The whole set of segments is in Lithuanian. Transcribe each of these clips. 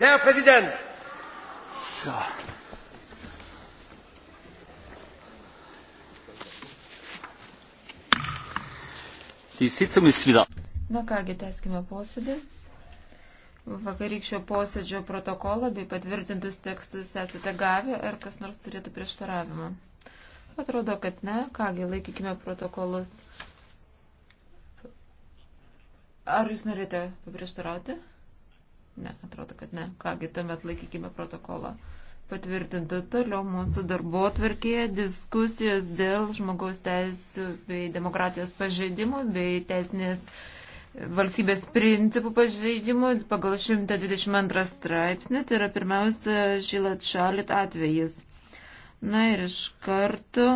Herr Präsident! So. Die Sitzung ist wieder. Na kągi, tęskime posėdį. Vakarykščio posėdžio protokolą bei patvirtintus tekstus esate gavę, ar kas nors turėtų prieštaravimą. Atrodo, kad ne. Kągi, laikykime protokolus. Ar jūs norite paprieštarauti? Ne, atrodo, kad ne. Kągi, tuomet laikykime protokolą. Patvirtinta toliau mūsų darbo atverkėje diskusijos dėl žmogaus teisų bei demokratijos pažeidimų bei teisinės valstybės principų pažeidimų pagal 122 straipsnį. Tai yra pirmiausia Žilat Šalit atvejis. Na ir iš karto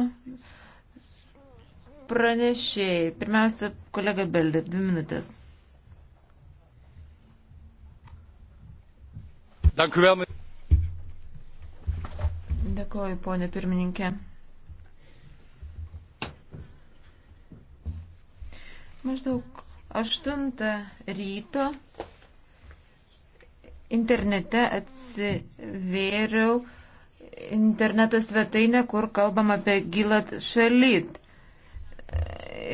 pranešėjai. Pirmiausia, kolega Belder, dvi minutės. Dėkuoju, ponė pirmininkė. Maždaug 8 ryto internete atsivėriau interneto svetainę, kur kalbam apie Gilat šalyt.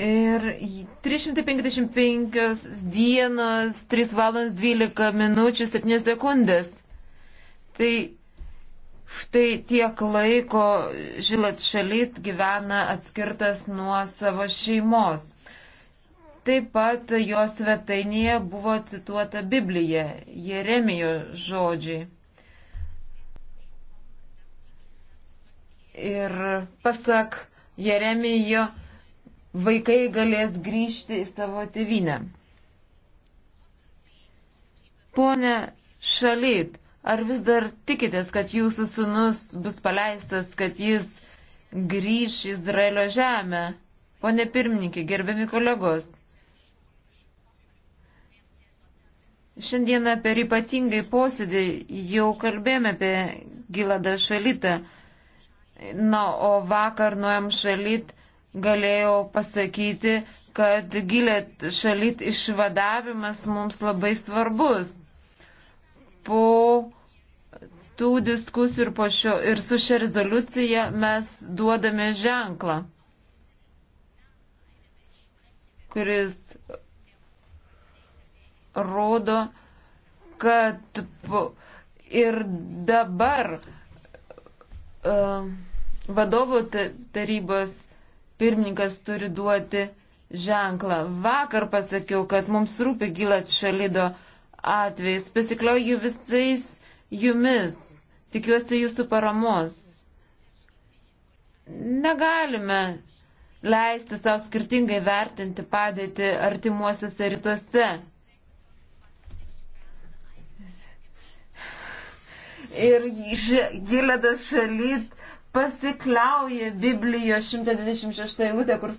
Ir 355 dienos, 3 valandos 12 minučių 7 sekundės. Tai štai tiek laiko Žilat Šalit gyvena atskirtas nuo savo šeimos. Taip pat jos svetainėje buvo cituota Biblija, Jeremijo žodžiai. Ir pasak Jeremijo, vaikai galės grįžti į savo tėvynę. Pone Šalit, Ar vis dar tikitės, kad jūsų sunus bus paleistas, kad jis grįž į Izraelio žemę? Pone pirmininkė, gerbiami kolegos. Šiandieną per ypatingai posėdį jau kalbėjome apie Giladą Šalitą. Na, o vakar nuėm Šalit galėjau pasakyti, kad Gilat Šalit išvadavimas mums labai svarbus po tų diskusijų ir, šio, ir su šia rezoliucija mes duodame ženklą, kuris rodo, kad ir dabar uh, vadovų tarybos pirmininkas turi duoti ženklą. Vakar pasakiau, kad mums rūpi gilat šalido uh, atvejais. Pasiklioju visais jumis. Tikiuosi jūsų paramos. Negalime leisti savo skirtingai vertinti padėti artimuosiuose rytuose. Ir Giledas šalyt pasikliauja Biblijos 126 eilutė, kur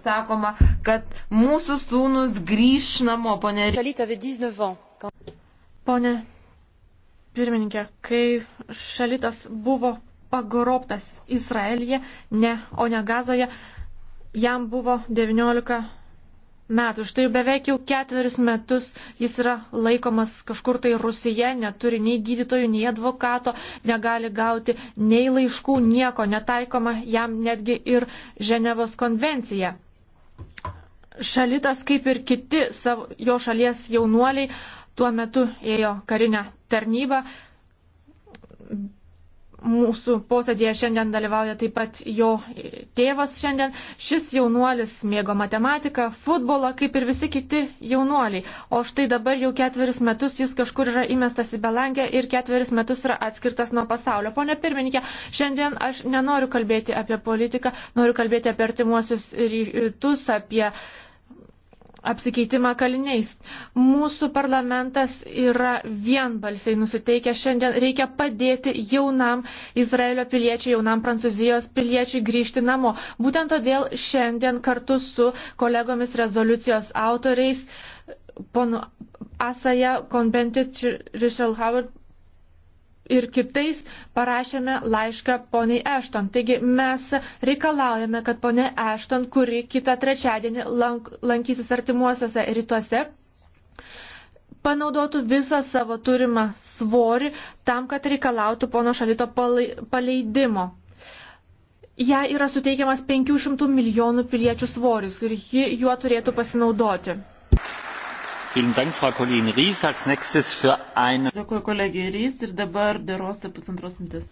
sakoma, kad mūsų sūnus grįž namo, ponė. Pone pirmininkė, kai šalitas buvo pagrobtas Izraelyje, ne, o ne Gazoje, jam buvo 19 metų. Štai beveik jau ketverius metus jis yra laikomas kažkur tai Rusija, neturi nei gydytojų, nei advokato, negali gauti nei laiškų, nieko netaikoma jam netgi ir Ženevos konvencija. Šalitas, kaip ir kiti savo, jo šalies jaunuoliai, tuo metu ėjo karinę tarnybą. Mūsų posėdėje šiandien dalyvauja taip pat jo tėvas šiandien. Šis jaunuolis mėgo matematiką, futbolą, kaip ir visi kiti jaunuoliai. O štai dabar jau ketverius metus jis kažkur yra įmestas į belankę ir ketverius metus yra atskirtas nuo pasaulio. Pone pirmininkė, šiandien aš nenoriu kalbėti apie politiką, noriu kalbėti apie artimuosius rytus, apie uh, apsikeitimą kaliniais. Mūsų parlamentas yra vienbalsiai nusiteikę šiandien. Reikia padėti jaunam Izraelio piliečiui, jaunam Prancūzijos piliečiui grįžti namo. Būtent todėl šiandien kartu su kolegomis rezoliucijos autoriais, ponu Asaja, Konbentit, Richel Howard, ir kitais parašėme laišką poniai Ešton. Taigi mes reikalaujame, kad ponė Ešton, kuri kitą trečiadienį lank, lankysis artimuosiuose rytuose, panaudotų visą savo turimą svorį tam, kad reikalautų pono Šalito paleidimo. Ja yra suteikiamas 500 milijonų piliečių svoris ir ji juo turėtų pasinaudoti. Dėkuoju kolegijai Rys ir dabar derosa pusantros mintis.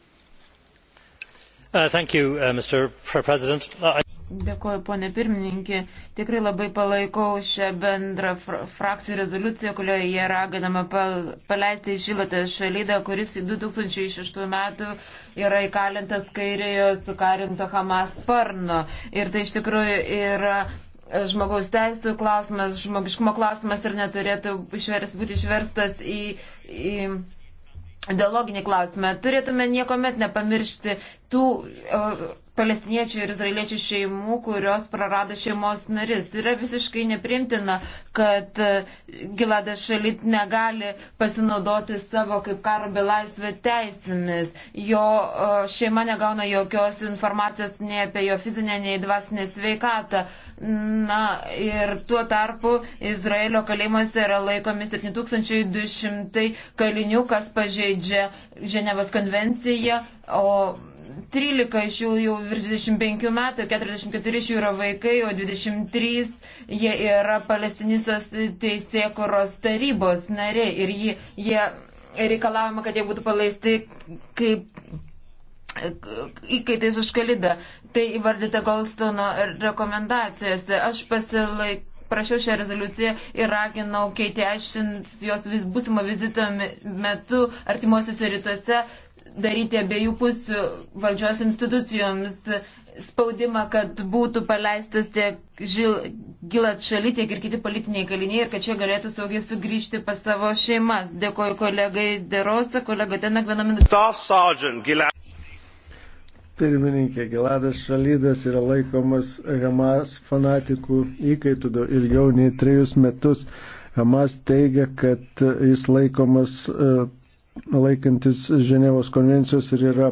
Uh, you, uh, uh I... Dėkuoju, ponė pirmininkė. Tikrai labai palaikau šią bendrą fr frakcijų rezoliuciją, kurioje jie raginama paleisti iš Šilotę šalydą, kuris 2006 metų yra įkalintas kairiojo sukarinto Hamas sparno. Ir tai iš tikrųjų yra. Ir žmogaus teisų klausimas, žmogiškumo klausimas ir neturėtų išvers, būti išverstas į, į ideologinį klausimą. Turėtume niekuomet nepamiršti tų uh, palestiniečių ir izraeliečių šeimų, kurios prarado šeimos naris. Yra visiškai neprimtina, kad uh, Giladas Šalit negali pasinaudoti savo kaip karo belaisvė teisėmis. Jo uh, šeima negauna jokios informacijos nei apie jo fizinę, nei dvasinę sveikatą. Uh, Na ir tuo tarpu Izraelio kalėjimuose yra laikomi 7200 kalinių, kas pažeidžia Ženevos konvenciją, o 13 iš jų jau virš 25 metų, 44 iš jų yra vaikai, o 23 jie yra Palestinisos teisėkuros tarybos nariai ir jie, jie reikalavimo, kad jie būtų paleisti kaip įkaitais už kalidą tai įvardyta Goldstono rekomendacijose. Aš pasilaik, prašiau šią rezoliuciją ir raginau Keitį Ašint jos būsimo vizito metu artimuosiuose rytuose daryti abiejų pusių valdžios institucijoms spaudimą, kad būtų paleistas tiek Gilat šaly, tiek ir kiti politiniai kaliniai ir kad čia galėtų saugiai sugrįžti pas savo šeimas. Dėkoju kolegai Derosa, kolega Tenak vieną minutę pirmininkė Giladas Šalydas yra laikomas Hamas fanatikų įkaitų ilgiau nei trejus metus. Hamas teigia, kad jis laikomas e, laikantis Ženevos konvencijos ir yra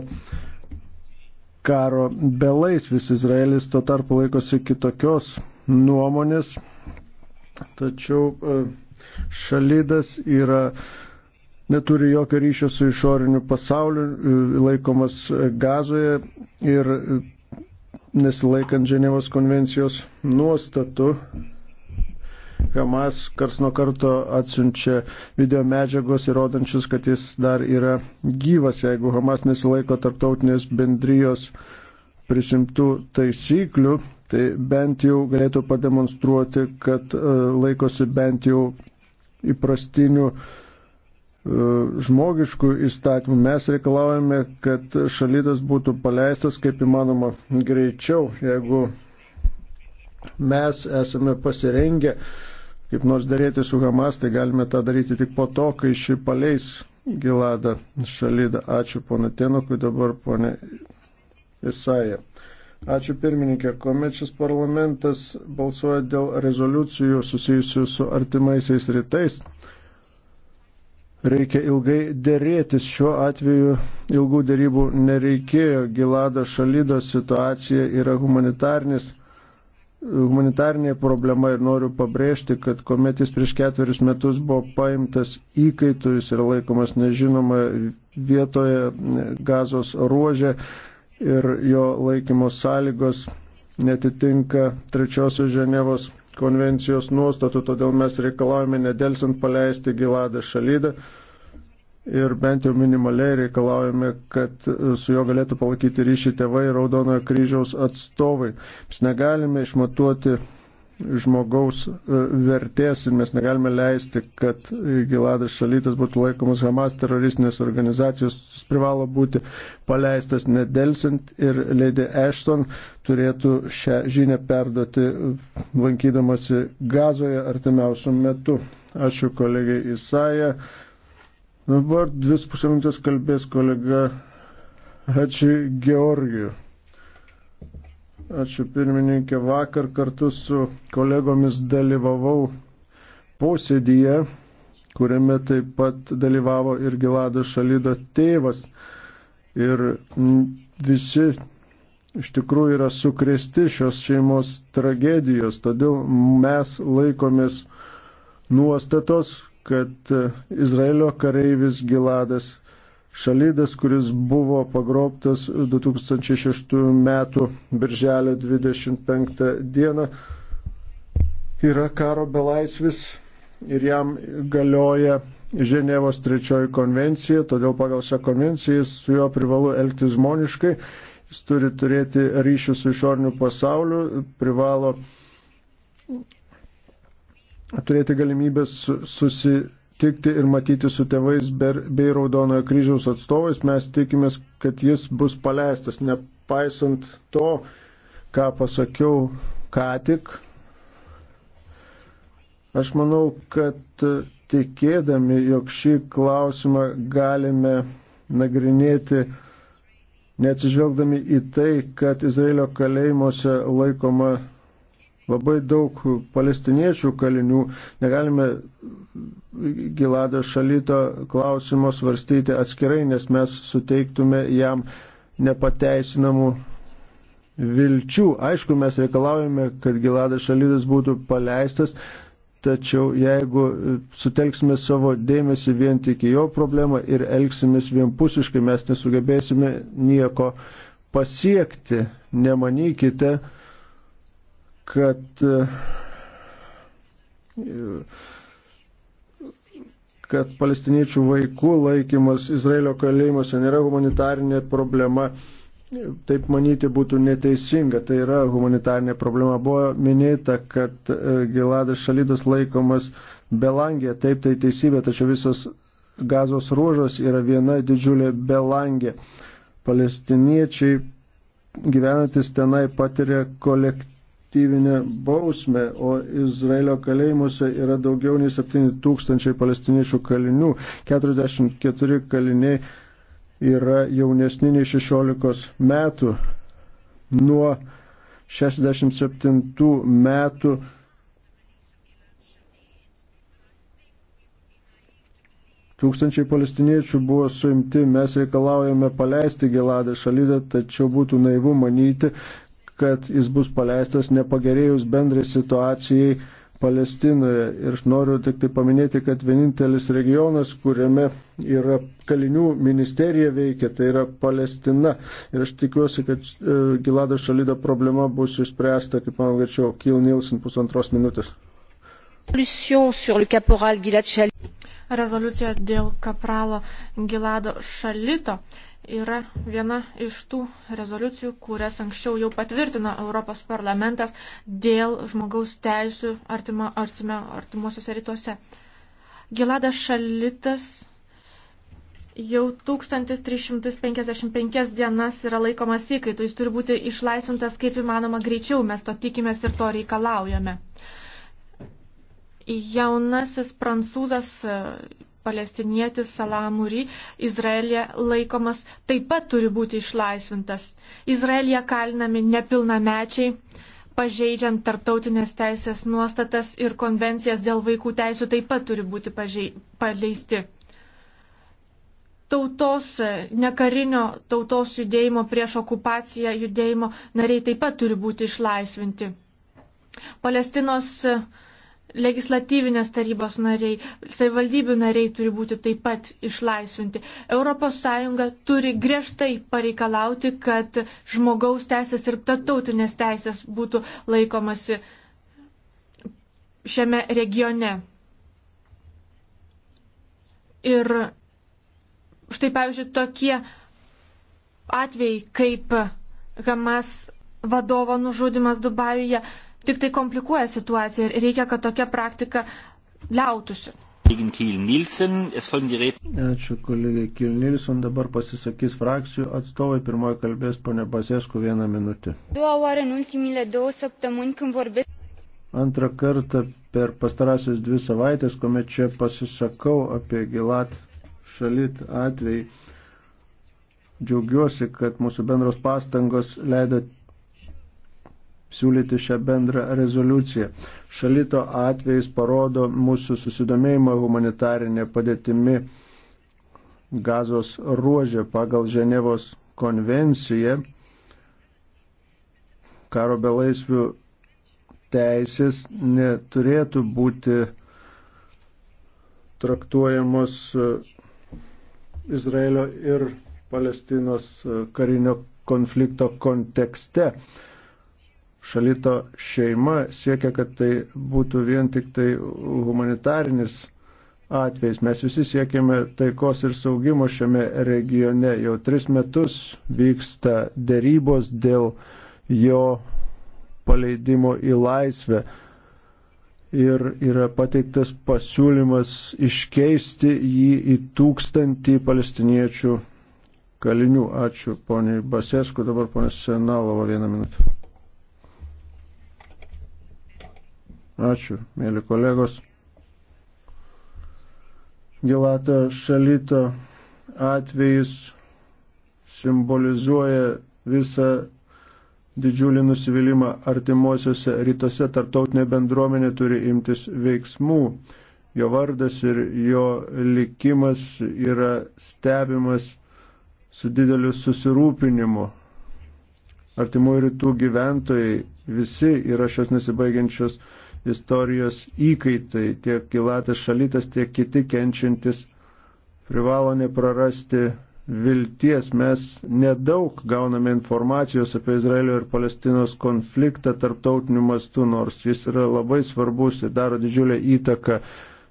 karo belaisvis. Izraelis tuo tarpu laikosi kitokios nuomonės, tačiau e, šalydas yra uh, neturi jokio ryšio su išoriniu pasauliu, e, laikomas e, gazoje ir e, nesilaikant Ženevos konvencijos nuostatų. Hamas kars nuo karto atsiunčia video medžiagos įrodančius, kad jis dar yra gyvas. Jeigu Hamas nesilaiko tarptautinės bendrijos prisimtų taisyklių, tai bent jau galėtų pademonstruoti, kad laikosi bent jau įprastinių uh, žmogiškų įstatymų. Mes reikalaujame, kad šalydas būtų paleistas kaip įmanoma greičiau, jeigu mes esame pasirengę kaip nors dėrėti su Hamas, tai galime tą daryti tik po to, kai ši paleis Giladą šalydą. Ačiū pono Tenokui, dabar pone Isaija. Ačiū pirmininkė, kuomet šis parlamentas balsuoja dėl rezoliucijų susijusių su artimaisiais rytais reikia ilgai dėrėtis. Šiuo atveju ilgų dėrybų nereikėjo. Gilado šalydo situacija yra humanitarnis. Humanitarnė problema ir noriu pabrėžti, kad kuomet jis prieš ketverius metus buvo paimtas įkaitų, jis yra laikomas nežinoma vietoje gazos ruožė ir jo laikymo sąlygos netitinka trečiosios Ženevos konvencijos nuostatų, todėl mes reikalavome nedelsant paleisti Giladą Šalydą ir bent jau minimaliai reikalaujame, kad su juo galėtų palaikyti ryšį tėvai Raudonojo kryžiaus atstovai. Mes negalime išmatuoti žmogaus e, vertės ir mes negalime leisti, kad Giladas Šalytas būtų laikomas Hamas teroristinės organizacijos, jis privalo būti paleistas nedelsint ir Lady Ashton turėtų šią žinę perduoti lankydamasi gazoje artimiausių metų. Ačiū kolegai Isaija. Dabar dvi pusę minutės kalbės kolega Hači Georgijų. Ačiū pirmininkė. Vakar kartu su kolegomis dalyvavau posėdyje, kuriame taip pat dalyvavo ir Gilado Šalydo tėvas. Ir visi iš tikrųjų yra sukresti šios šeimos tragedijos. Todėl mes laikomės nuostatos, kad Izraelio kareivis Giladas Šalydas, kuris buvo pagrobtas 2006 metų birželio 25 dieną, yra karo belaisvis ir jam galioja Ženevos trečioji konvencija, todėl pagal šią konvenciją su juo privalu elgtis žmoniškai, jis turi turėti ryšių su išorniu pasauliu, privalo turėti galimybę susi, susitikti ir matyti su tėvais bei Raudonojo kryžiaus atstovais. Mes tikimės, kad jis bus paleistas. Nepaisant to, ką pasakiau ką tik, aš manau, kad tikėdami, jog šį klausimą galime nagrinėti neatsižvelgdami į tai, kad Izraelio kalėjimuose laikoma labai daug palestiniečių kalinių. Negalime Gilado šalito klausimo svarstyti atskirai, nes mes suteiktume jam nepateisinamų vilčių. Aišku, mes reikalaujame, kad Giladas šalydas būtų paleistas, tačiau jeigu sutelksime savo dėmesį vien tik į jo problemą ir elgsimės vienpusiškai, mes nesugebėsime nieko pasiekti. Nemanykite, kad, e, kad palestiniečių vaikų laikymas Izraelio kalėjimuose nėra humanitarinė problema. Taip manyti būtų neteisinga, tai yra humanitarinė problema. Buvo minėta, kad e, Giladas Šalydas laikomas belangė, taip tai teisybė, tačiau visas gazos ruožas yra viena didžiulė belangė. Palestiniečiai gyvenantis tenai patiria kolektyvą kolektyvinę bausmę, o Izraelio kalėjimuose yra daugiau nei 7 tūkstančiai palestiniečių kalinių. 44 kaliniai yra jaunesni nei 16 metų. Nuo 67 metų Tūkstančiai palestiniečių buvo suimti, mes reikalaujame paleisti Geladą šalydą, tačiau būtų naivu manyti, kad jis bus paleistas nepagerėjus bendrai situacijai Palestinoje. Ir aš noriu tik tai paminėti, kad vienintelis regionas, kuriame yra kalinių ministerija veikia, tai yra Palestina. Ir aš tikiuosi, kad e, Gilado šalido problema bus išspręsta, kaip man gačiau, Kil Nilsen pusantros minutės. Rezoliucija dėl kapralo Gilado šalito yra viena iš tų rezoliucijų, kurias anksčiau jau patvirtino Europos parlamentas dėl žmogaus teisų artima, artima, artimuosiuose rytuose. Giladas Šalitas jau 1355 dienas yra laikomas įkaitu, jis turi būti išlaisvintas kaip įmanoma greičiau, mes to tikimės ir to reikalaujame. Jaunasis prancūzas palestinietis Salamuri Izraelija laikomas taip pat turi būti išlaisvintas. Izraelija kalinami nepilnamečiai, pažeidžiant tarptautinės teisės nuostatas ir konvencijas dėl vaikų teisų taip pat turi būti pažei... paleisti. Tautos, nekarinio tautos judėjimo prieš okupaciją judėjimo nariai taip pat turi būti išlaisvinti. Palestinos uh, legislatyvinės tarybos nariai, savivaldybių nariai turi būti taip pat išlaisvinti. ES turi griežtai pareikalauti, kad žmogaus teisės ir tarptautinės teisės būtų laikomasi šiame regione. Ir štai, pavyzdžiui, tokie atvejai kaip Hamas vadovo nužudimas Dubajuje tik tai komplikuoja situaciją ir reikia, kad tokia praktika liautusi. Ačiū kolegai Kilnilson, dabar pasisakys frakcijų atstovai, pirmoji kalbės ponė Basėsku vieną minutę. Antrą kartą per pastarąsias dvi savaitės, kuomet čia pasisakau apie Gilat šalit atvejį, džiaugiuosi, kad mūsų bendros pastangos leido siūlyti šią bendrą rezoliuciją. Šalito atvejais parodo mūsų susidomėjimą humanitarinė padėtimi gazos ruožė pagal Ženevos konvenciją. Karo belaisvių teisės neturėtų būti traktuojamos e, Izraelio ir Palestinos e, karinio konflikto kontekste. Šalito šeima siekia, kad tai būtų vien tik tai humanitarinis atvejais. Mes visi siekiame taikos ir saugimo šiame regione. Jau tris metus vyksta dėrybos dėl jo paleidimo į laisvę. Ir yra pateiktas pasiūlymas iškeisti jį į tūkstantį palestiniečių kalinių. Ačiū poniai Basesku, dabar ponia Senalova vieną minutę. Ačiū, mėly kolegos. Gilato šalito atvejis simbolizuoja visą didžiulį nusivylimą artimuosiuose rytuose tarptautinė bendruomenė turi imtis veiksmų. Jo vardas ir jo likimas yra stebimas su dideliu susirūpinimu. Artimųjų rytų gyventojai visi yra šios nesibaigiančios istorijos įkaitai, tiek Gilatas Šalytas, tiek kiti kenčiantis privalo neprarasti vilties. Mes nedaug gauname informacijos apie Izraelio ir Palestinos konfliktą tarptautiniu mastu, nors jis yra labai svarbus ir daro didžiulę įtaką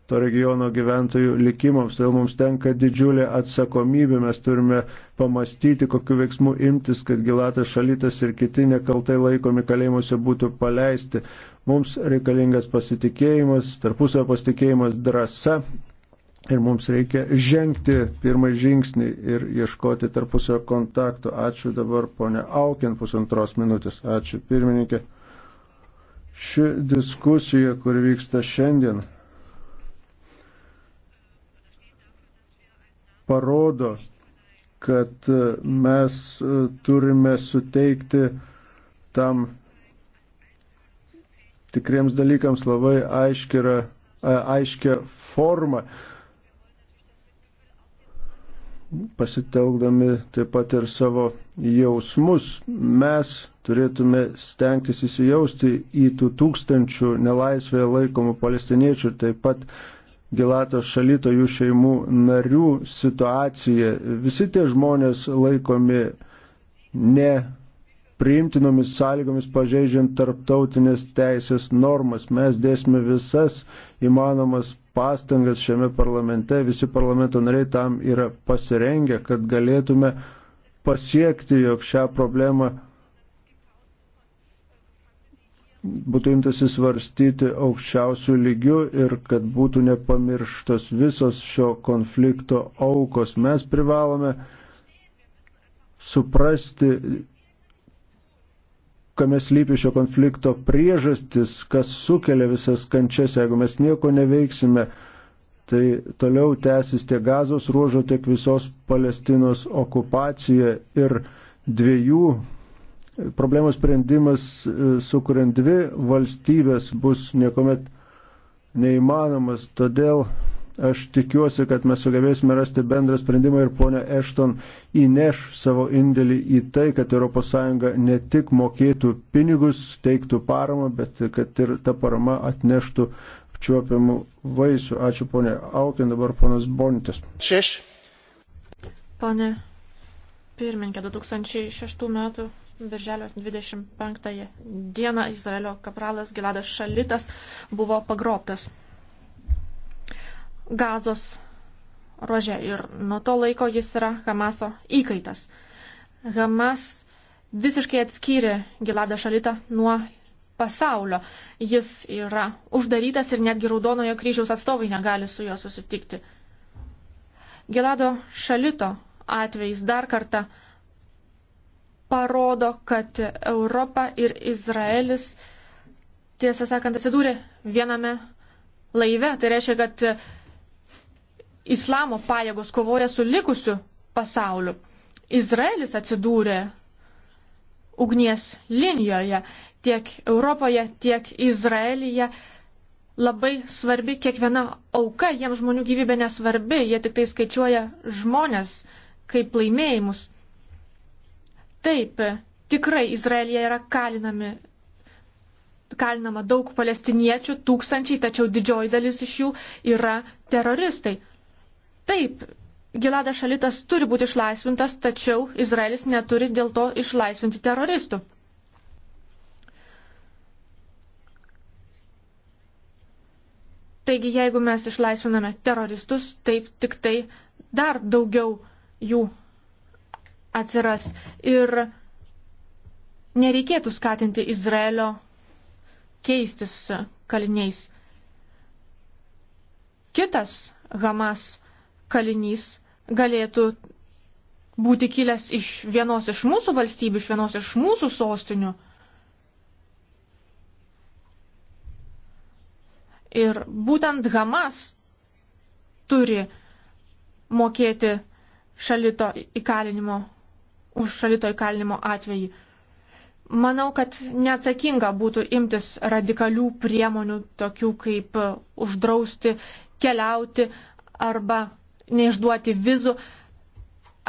to regiono gyventojų likimams. Todėl mums tenka didžiulė atsakomybė, mes turime pamastyti, kokiu veiksmu imtis, kad Gilatas Šalytas ir kiti nekaltai laikomi kalėjimuose būtų paleisti. Mums reikalingas pasitikėjimas, tarpusavio pasitikėjimas, drąsa. Ir mums reikia žengti pirmąjį žingsnį ir ieškoti tarpusio kontakto. Ačiū dabar, ponia Aukin, pusantros minutės. Ačiū, pirmininkė. Ši diskusija, kur vyksta šiandien, parodo, kad e, mes e, turime suteikti tam tikriems dalykams labai aiškia, e, aiškia forma, pasitelkdami taip pat ir savo jausmus. Mes turėtume stengtis įsijausti į tų tūkstančių nelaisvėje laikomų palestiniečių, taip pat Gilatos šalito jų šeimų narių situacija. Visi tie žmonės laikomi ne priimtinomis sąlygomis pažeidžiant tarptautinės teisės normas. Mes dėsime visas įmanomas pastangas šiame parlamente, visi parlamento nariai tam yra pasirengę, kad galėtume pasiekti, jog šią problemą būtų imtasi svarstyti aukščiausių lygių ir kad būtų nepamirštos visos šio konflikto aukos. Mes privalome suprasti, kame slypi šio konflikto priežastis, kas sukelia visas kančias, jeigu mes nieko neveiksime. Tai toliau tęsis tiek gazos ruožo, tiek visos Palestinos okupacija ir dviejų problemos sprendimas e, sukuriant dvi valstybės bus niekuomet neįmanomas. Todėl aš tikiuosi, kad mes sugebėsime rasti bendrą sprendimą ir ponia Ešton įneš savo indėlį į tai, kad ES ne tik mokėtų pinigus, teiktų paramą, bet kad ir ta parama atneštų apčiuopiamų vaisių. Ačiū ponia Aukin, dabar ponas Bonitas. Šeš. Pone pirmininkė, 2006 metų Birželio 25 dieną Izraelio kapralas Giladas Šalitas buvo pagrobtas gazos rože ir nuo to laiko jis yra Hamaso įkaitas. Hamas visiškai atskyrė Giladą Šalitą nuo pasaulio. Jis yra uždarytas ir netgi Raudonojo kryžiaus atstovai negali su juo susitikti. Gilado Šalito atvejais dar kartą parodo, kad Europa ir Izraelis, tiesą sakant, atsidūrė viename laive. Tai reiškia, kad islamo pajėgos kovoja su likusiu pasauliu. Izraelis atsidūrė ugnies linijoje tiek Europoje, tiek Izraelyje. Labai svarbi kiekviena auka, jiems žmonių gyvybė nesvarbi, jie tik tai skaičiuoja žmonės kaip laimėjimus. Taip, tikrai Izraelija yra kalinami, kalinama daug palestiniečių, tūkstančiai, tačiau didžioji dalis iš jų yra teroristai. Taip, Giladas Šalitas turi būti išlaisvintas, tačiau Izraelis neturi dėl to išlaisvinti teroristų. Taigi, jeigu mes išlaisviname teroristus, taip tik tai dar daugiau jų atsiras ir nereikėtų skatinti Izraelio keistis kaliniais. Kitas Hamas kalinys galėtų būti kilęs iš vienos iš mūsų valstybių, iš vienos iš mūsų sostinių. Ir būtent Hamas turi mokėti šalito įkalinimo už šalito įkalinimo atvejį. Manau, kad neatsakinga būtų imtis radikalių priemonių, tokių kaip uždrausti keliauti arba neišduoti vizų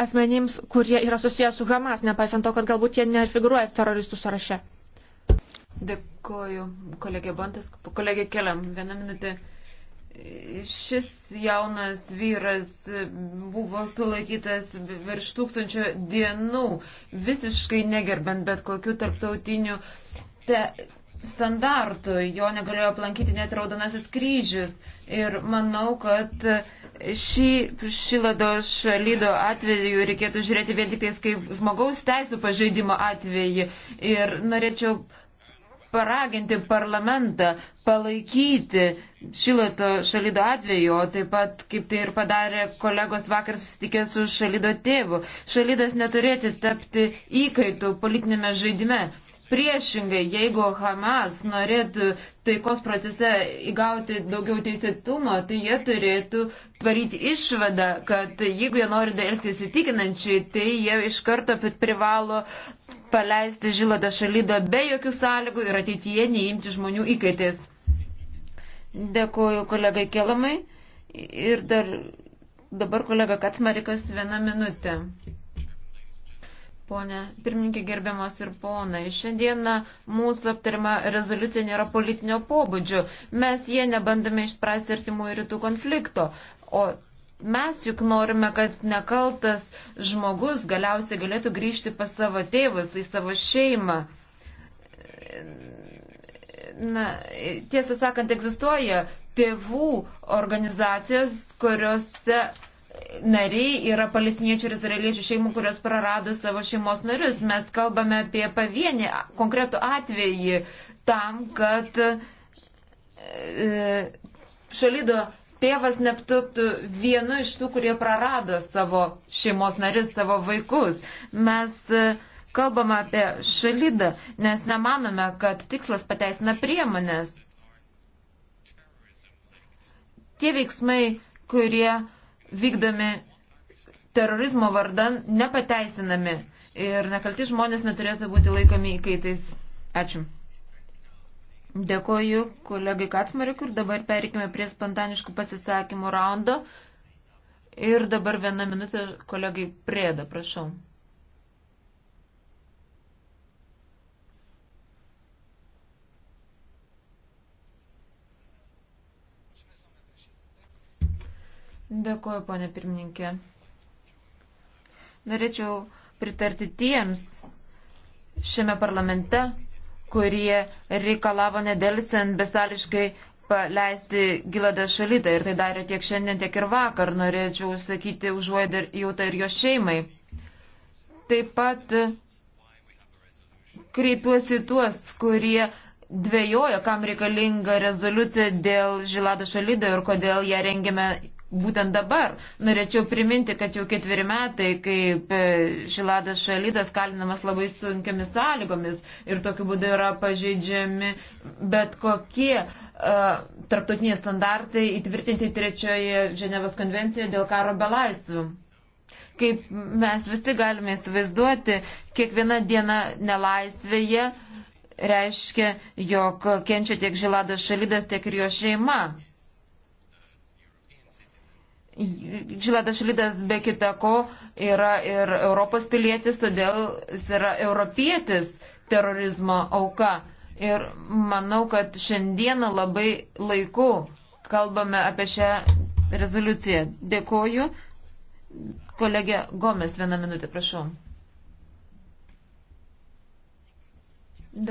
asmenims, kurie yra susijęs su Hamas, nepaisant to, kad galbūt jie nefiguruoja teroristų sąraše. Dėkoju, kolegė Bontas, kolegė Keliam, vieną minutę. Šis jaunas vyras buvo sulaikytas virš tūkstančio dienų, visiškai negerbent bet kokių tarptautinių te, standartų. Jo negalėjo aplankyti net Raudonasis kryžius. Ir manau, kad šį šilado šalydo atveju reikėtų žiūrėti vien tik tais kaip žmogaus teisų pažeidimo atvejį. Ir norėčiau paraginti parlamentą palaikyti Šiloto šalido atveju, o taip pat, kaip tai ir padarė kolegos vakar susitikę su šalido tėvu. Šalidas neturėtų tapti įkaitų politinėme žaidime. Priešingai, jeigu Hamas norėtų taikos procese įgauti daugiau teisėtumo, tai jie turėtų daryti išvadą, kad jeigu jie nori elgtis įtikinančiai, tai jie iš karto privalo paleisti Žiladą Šalydą be jokių sąlygų ir ateityje neimti žmonių įkaitės. Dėkuoju kolegai Kelamai ir dar dabar kolega Katsmarikas vieną minutę. Pone pirmininkė, gerbiamas ir ponai, šiandieną mūsų aptarima rezoliucija nėra politinio pobūdžio. Mes jie nebandome išspręsti artimųjų rytų konflikto. O mes juk norime, kad nekaltas žmogus galiausiai galėtų grįžti pas savo tėvus, į savo šeimą. Na, tiesą sakant, egzistuoja tėvų organizacijos, kuriuose nariai yra palestiniečių ir izraeliečių šeimų, kurios prarado savo šeimos narius. Mes kalbame apie pavienį konkretų atvejį tam, kad e, šalido tėvas neptuptų vienu iš tų, kurie prarado savo šeimos narius, savo vaikus. Mes e, kalbame apie šalidą, nes nemanome, kad tikslas pateisina priemonės. Tie veiksmai, kurie vykdomi terorizmo vardan nepateisinami ir nekalti žmonės neturėtų būti laikomi įkaitais. Ačiū. Dėkoju kolegai Katsmariuk ir dabar perikime prie spontaniškų pasisakymų raundo. Ir dabar vieną minutę kolegai Prėda, prašau. Dėkuoju, ponė pirmininkė. Norėčiau pritarti tiems šiame parlamente, kurie reikalavo nedelsiant besališkai paleisti Giladą Šalytą ir tai darė tiek šiandien, tiek ir vakar. Norėčiau sakyti užuojautą ir jo šeimai. Taip pat kreipiuosi tuos, kurie dvėjoja, kam reikalinga rezoliucija dėl Žilado Šalydo ir kodėl ją rengiame būtent dabar. Norėčiau priminti, kad jau ketveri metai, kaip Šiladas Šalydas kalinamas labai sunkiamis sąlygomis ir tokiu būdu yra pažeidžiami bet kokie uh, tarptautiniai standartai įtvirtinti trečioje Ženevos konvencijoje dėl karo belaisvių. Kaip mes visi galime įsivaizduoti, kiekviena diena nelaisvėje reiškia, jog kenčia tiek Žiladas Šalydas, tiek ir jo šeima. Žilatas Šlitas be kitako yra ir Europos pilietis, todėl jis yra europietis terorizmo auka. Ir manau, kad šiandieną labai laiku kalbame apie šią rezoliuciją. Dėkoju. Kolegė Gomes, vieną minutę, prašau.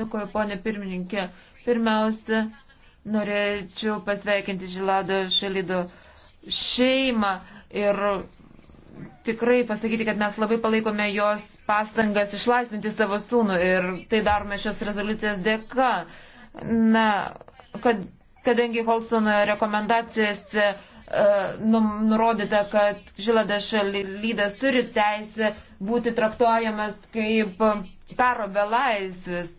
Dėkoju, ponė pirmininkė. Pirmiausia, Norėčiau pasveikinti Žilado Šelido šeimą ir tikrai pasakyti, kad mes labai palaikome jos pastangas išlaisvinti savo sūnų ir tai darome šios rezoliucijos dėka. Na, kad, kadangi Holsono rekomendacijose e, nurodyta, kad Žiladas Šalydas turi teisę būti traktuojamas kaip karo belaisvis.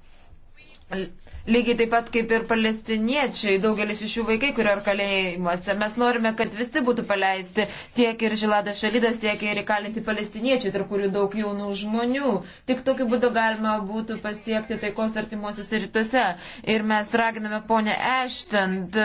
Lygiai taip pat kaip ir palestiniečiai, daugelis iš jų vaikai, kurie yra kalėjimuose. Mes norime, kad visi būtų paleisti, tiek ir Žiladas Šalydas, tiek ir įkalinti palestiniečiai, tarp kurių daug jaunų žmonių. Tik tokiu būdu galima būtų pasiekti taikos artimuosiuose rytuose. Ir mes raginame ponę Eštent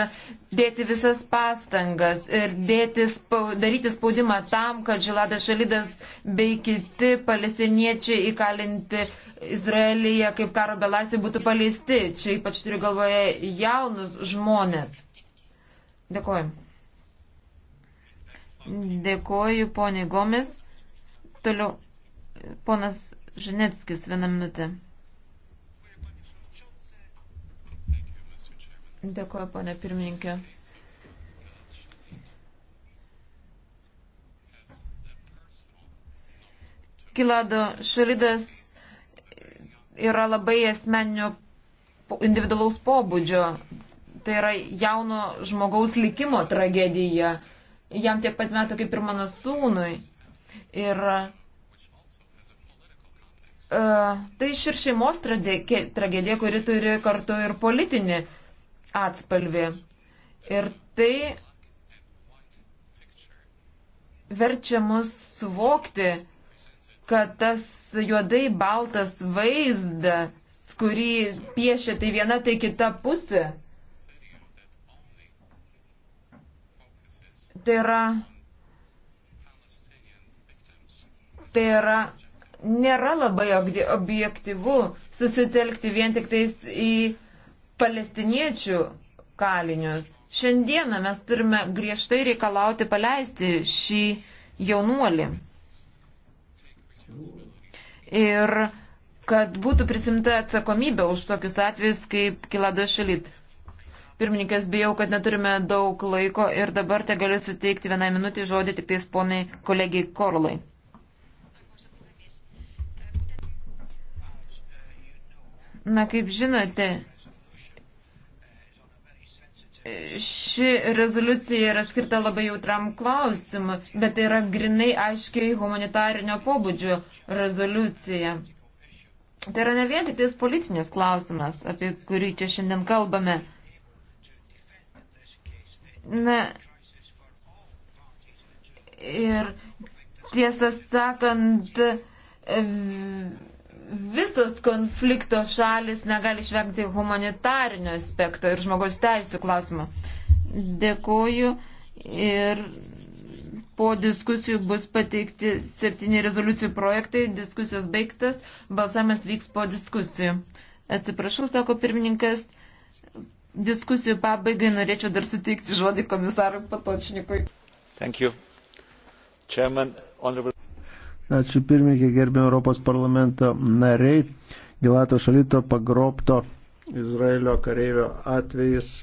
dėti visas pastangas ir dėti spau, daryti spaudimą tam, kad Žiladas Šalydas bei kiti palestiniečiai įkalinti Izraelyje kaip karo belasi būtų paleisti. Čia čia ypač turiu galvoje jaunus žmonės. Dėkoju. Dėkoju, ponė Gomis. Toliau, ponas Žinetskis, vieną minutę. Dėkoju, ponė pirmininkė. Kilado Šalidas yra labai asmeninio individualaus pobūdžio. Tai yra jauno žmogaus likimo tragedija. Jam tiek pat metų kaip ir mano sūnui. Ir Uh, tai ir šeimos tragedija, kuri turi kartu ir politinį atspalvį. Ir tai verčia mus suvokti, kad tas juodai baltas vaizdas kurį piešia tai viena, tai kita pusė. Tai yra, tai yra, nėra labai objektivu susitelkti vien tik tais į palestiniečių kalinius. Šiandieną mes turime griežtai reikalauti paleisti šį jaunuolį. Ir kad būtų prisimta atsakomybė už tokius atvejus kaip Kilado Šilit. Pirmininkas, bijau, kad neturime daug laiko ir dabar te galiu suteikti vieną minutį žodį tik tais poniai kolegijai Korlai. Na, kaip žinote, ši rezoliucija yra skirta labai jautram klausimui, bet tai yra grinai aiškiai humanitarinio pobūdžio rezoliucija. Tai yra ne vien tik tais politinis klausimas, apie kurį čia šiandien kalbame. Na, ir tiesą sakant, visos konflikto šalis negali išvengti humanitarinio aspekto ir žmogaus teisų klausimo. Dėkuoju ir Po diskusijų bus pateikti septyni rezoliucijų projektai, diskusijos baigtas, balsavimas vyks po diskusijų. Atsiprašau, sako pirmininkas, diskusijų pabaigai norėčiau dar suteikti žodį komisarui Patočnikui. Thank you. Chairman, honorable... Ačiū pirmininkė, gerbė Europos parlamento nariai. Gilato Šalito pagrobto Izraelio kareivio atvejis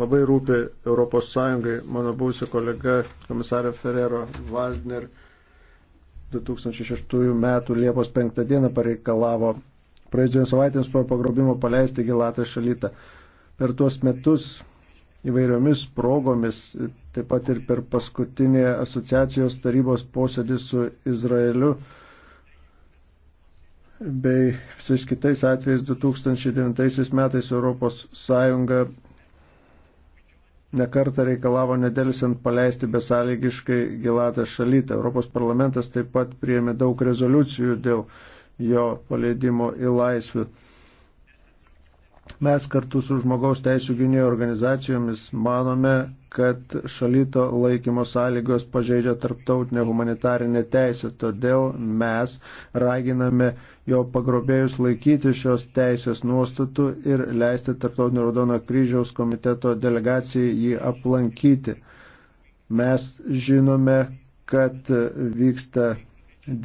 labai rūpi ES. Mano būsio kolega komisarė Ferrero Waldner 2006 m. Liepos 5 d. pareikalavo praeidžiant savaitėms po pagrobimo paleisti Gilatą Šalytą. Per tuos metus įvairiomis progomis, taip pat ir per paskutinį asociacijos tarybos posėdį su Izraeliu bei visais kitais atvejais 2009 metais Europos Sąjunga nekartą reikalavo nedėlsiant paleisti besąlygiškai Gilatą Šalytą. Europos parlamentas taip pat priėmė daug rezoliucijų dėl jo paleidimo į laisvę. Mes kartu su žmogaus teisų gynėjo organizacijomis manome, kad šalito laikymo sąlygos pažeidžia tarptautinę humanitarinę teisę, todėl mes raginame jo pagrobėjus laikyti šios teisės nuostatų ir leisti Tarptautinio Raudono kryžiaus komiteto delegacijai jį aplankyti. Mes žinome, kad vyksta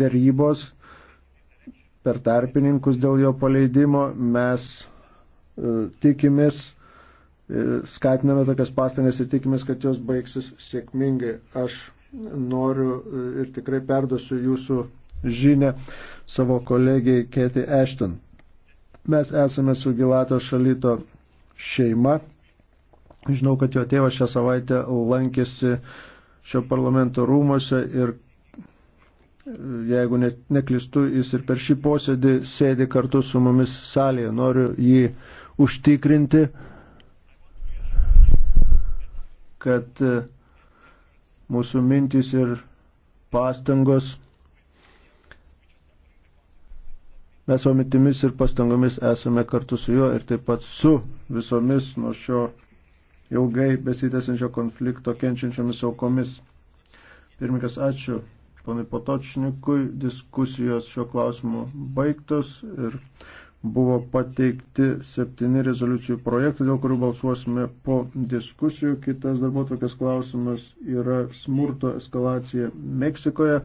dėrybos per tarpininkus dėl jo paleidimo. Mes E, tikimės, e, skatiname tokias pastangas ir tikimės, kad jos baigsis sėkmingai. Aš noriu e, ir tikrai perduosiu jūsų žinę savo kolegijai Keti Ashton. Mes esame su Gilato Šalito šeima. Žinau, kad jo tėvas šią savaitę lankėsi šio parlamento rūmose ir jeigu ne, neklistu, jis ir per šį posėdį sėdi kartu su mumis salėje. Noriu jį užtikrinti, kad e, mūsų mintys ir pastangos, mes savo mintimis ir pastangomis esame kartu su juo ir taip pat su visomis nuo šio ilgai besitęsiančio konflikto kenčiančiomis aukomis. Pirmikas, ačiū ponui Potočnikui, diskusijos šiuo klausimu baigtos ir buvo pateikti septyni rezoliucijų projektai, dėl kurių balsuosime po diskusijų. Kitas darbo tokias klausimas yra smurto eskalacija Meksikoje.